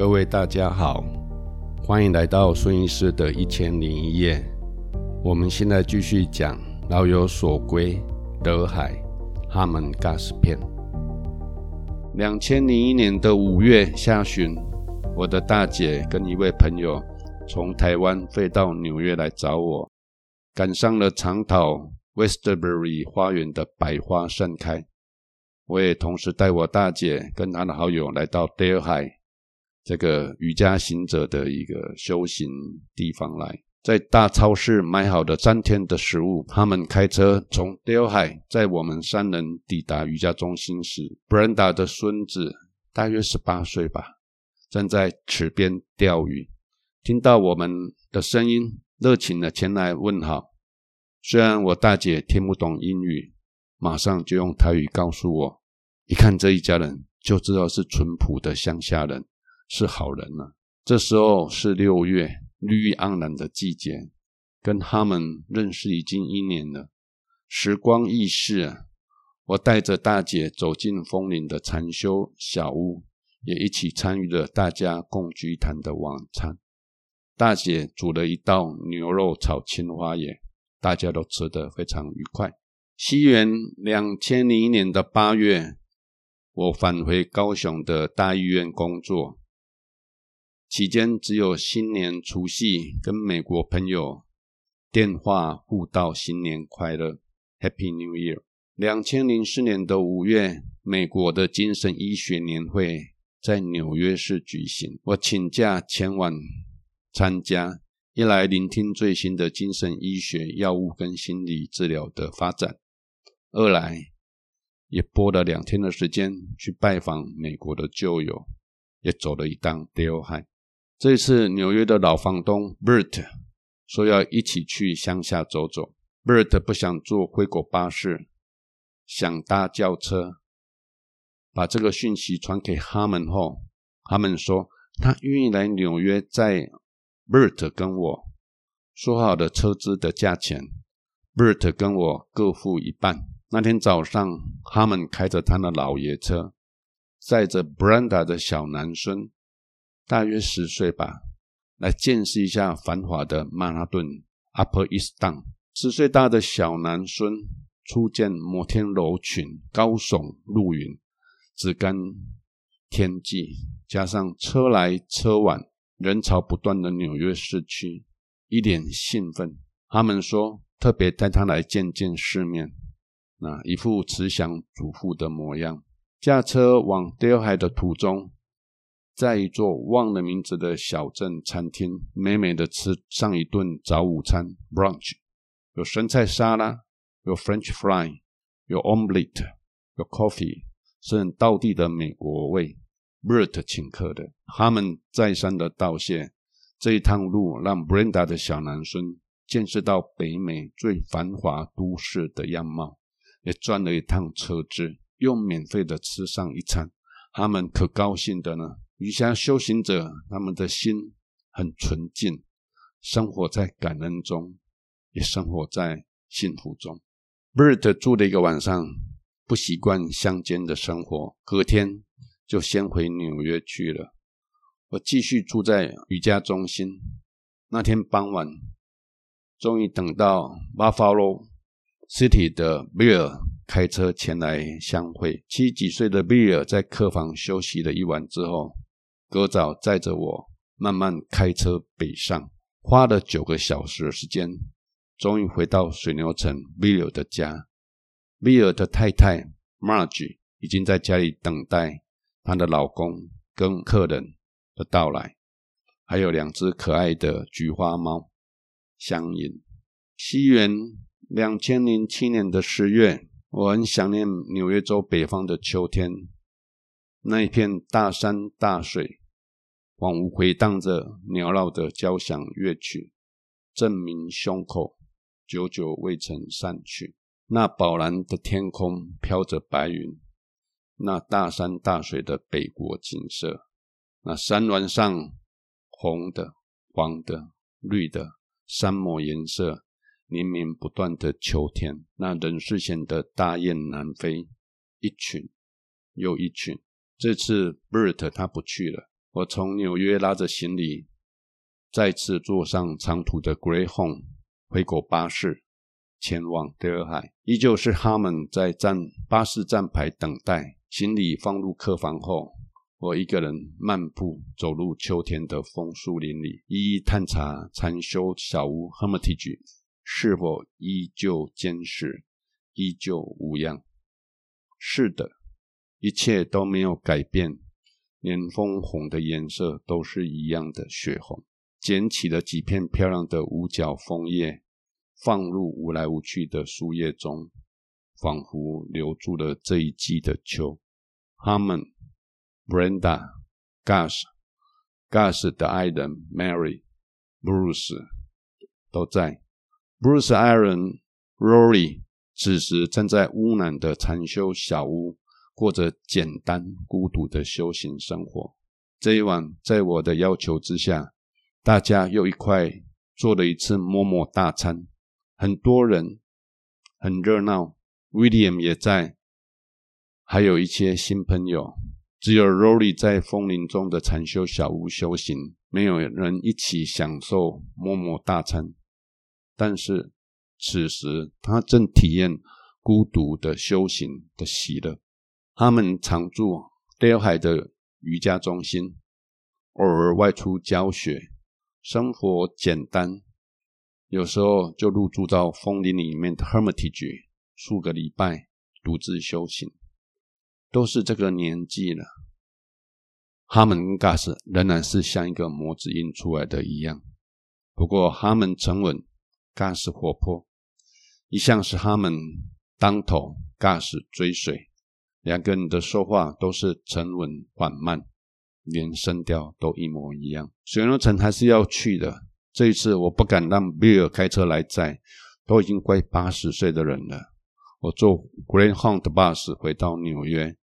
各位大家好，歡迎來到孫醫師的一千零一夜。我們現在繼續講《老有所歸》德亥哈門尬斯篇。兩千零一年的五月下旬，我的大姐跟一位朋友從台灣飛到紐約來找我，趕上了長島 Westbury 花園的百花盛開。我也同時帶我大姐跟她的好友來到德亥這個瑜伽行者的一個修行地方來，在大超市買好了三天的食物。他們開車從德亥，在我們三人抵達瑜伽中心時，Brenda 的孫子大約十八歲吧，站在池邊釣魚，聽到我們的聲音，熱情的前來問好。雖然我大姐聽不懂英語，馬上就用台語告訴我，一看這一家人，就知道是淳樸的鄉下人。是好人呢、啊。這時候是六月，綠意盎然的季節。跟他們認識已經一年了，時光易逝啊。我帶着大姐走進楓林的禪修小屋，也一起參與了大家共聚一堂的晚餐。大姐煮了一道牛肉炒青花椰，大家都吃得非常愉快。西元兩千零一年的八月，我返回高雄的大醫院工作。期間只有新年除夕跟美國朋友電話互道新年快樂，Happy New Year。兩千零四年的五月，美國的精神醫學年會在紐約市舉行，我請假前往參加，一來聆聽最新的精神醫學藥物跟心理治療的發展，二來也撥了兩天的時間去拜訪美國的舊友，也走了一趟德亥這次紐約的老房東 Bert 說要一起去鄉下走走。Bert 不想坐灰狗巴士，想搭轎車。把這個訊息傳給哈門後，哈門說他願意來紐約，在 Bert 跟我說好的車資的價錢，Bert 跟我各付一半。那天早上，哈門開着他的老爺車，載着 Branda 的小男孫。大約十歲吧，來見識一下繁華的曼哈頓 （Upper East s o w e 十歲大的小男生初見摩天樓群高聳入雲，只干天際，加上車來車往、人潮不斷的紐約市區，一臉興奮。他們說，特別帶他來見見世面。那一副慈祥祖父的模樣，駕車往得海的途中。在一座忘了名字的小鎮餐廳，美美的吃上一頓早午餐 （brunch），有生菜沙拉，有 French fry，有 omelette，有 coffee，是很道地的美國味。Burt 請客的，他們再三的道謝。這一趟路讓 Brenda 的小男生見識到北美最繁華都市的樣貌，也賺了一趟車資，又免費的吃上一餐，他們可高興的呢。瑜伽修行者，他們的心很純淨，生活在感恩中，也生活在幸福中。Bert 住了一個晚上，不習慣鄉間的生活，隔天就先回紐約去了。我繼續住在瑜伽中心，那天傍晚，終於等到 Buffalo City 的 Bill 開車前來相會。七幾歲的 Bill 在客房休息了一晚之後，隔早載着我慢慢開車北上，花了九個小時的時間，終於回到水牛城威爾的家。威爾的太太 Marge 已經在家裡等待她的老公跟客人的到來，還有兩只可愛的菊花貓相迎。西元兩千零七年的十月，我很想念紐約州北方的秋天，那一片大山大水。恍惚回盪着繚繞的交響樂曲，證明胸口，久久未曾散去。那寶藍的天空飄着白雲，那大山大水的北國景色，那山巒上紅的、黃的、綠的三抹顏色，連綿不斷的秋天。那人世間的大雁南飛，一群又一群。這次 Bert 他不去了。我從紐約拉着行李，再次坐上長途的 Greyhound 灰狗巴士，前往德亥。依舊是哈門在站巴士站牌等待，行李放入客房後，我一個人漫步走入秋天的楓樹林裡，一一探查禪修小屋 Hermitage 是否依舊堅實，依舊無恙。是的，一切都沒有改變。連楓紅的顏色都是一樣的血紅。撿起了幾片漂亮的五角楓葉，放入無來無去的樹葉中，仿佛留住了這一季的秋。Harmon, Brenda, Gus, Gus 的愛人 Mary, Bruce 都在。Bruce, Aaron, Rory 此時正在污南的禪修小屋。過着簡單孤獨的修行生活。這一晚，在我的要求之下，大家又一塊做了一次摸摸大餐，很多人很熱鬧。William 也在，還有一些新朋友。只有 Rory 在風林中的禪修小屋修行，沒有人一起享受摸摸大餐。但是此時，他正體驗孤獨的修行的喜樂。他們常住德亥的瑜伽中心，偶爾外出教學，生活簡單。有時候就入住到風林裡面的 Hermitage 數個禮拜，獨自修行。都是這個年紀了，哈門跟 Gas 仍然是像一個模子印出來的一樣。不過哈門沉穩，Gas 活潑，一向是哈門當頭，Gas 追隨。兩個人的說話都是沉穩緩慢，連聲調都一模一樣。水牛城還是要去的。這一次我不敢讓 Bill 開車來載，都已經快八十歲的人了。我坐 Greyhound Bus 回到紐約，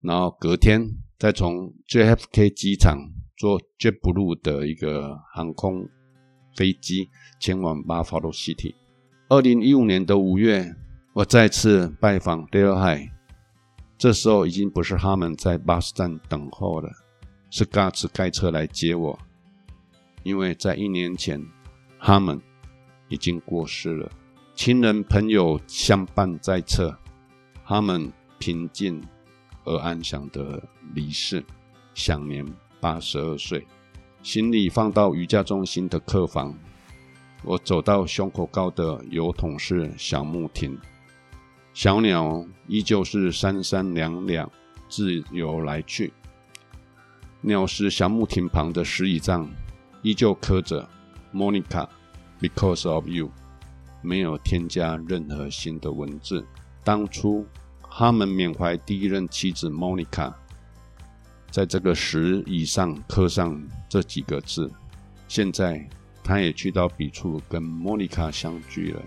然後隔天再從 JFK 機場坐 JetBlue 的一個航空飛機前往 Buffalo City。二零一五年的五月，我再次拜訪 Delhi。這時候已經不是哈門在巴士站等候了，是尬斯開車來接我。因為在一年前，哈門已經過世了，親人朋友相伴在側，哈門平靜而安詳地離世，享年八十二歲。行李放到瑜伽中心的客房，我走到胸口高的油桶式小木亭。小鳥依舊是三三兩兩，自由來去。鳥食小木亭旁的石椅上，依舊刻着 “Monica，because of you”，沒有添加任何新的文字。當初，哈門緬懷第一任妻子 Monica，在這個石椅上刻上這幾個字。現在，他也去到彼處跟 Monica 相聚了。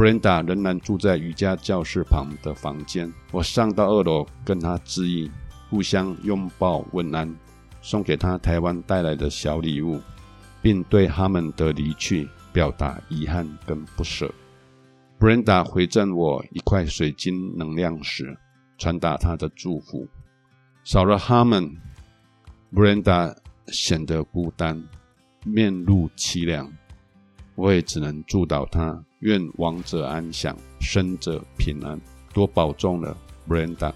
Brenda 仍然住在瑜伽教室旁的房間。我上到二樓跟她致意，互相擁抱、問安，送給她台灣帶來的小禮物，並對他們的離去表達遺憾跟不捨。Brenda 回贈我一塊水晶能量石，傳達她的祝福。少了他們，Brenda 顯得孤單，面露淒涼。我也只能祝禱她。願亡者安詳，生者平安，多保重了，Brenda。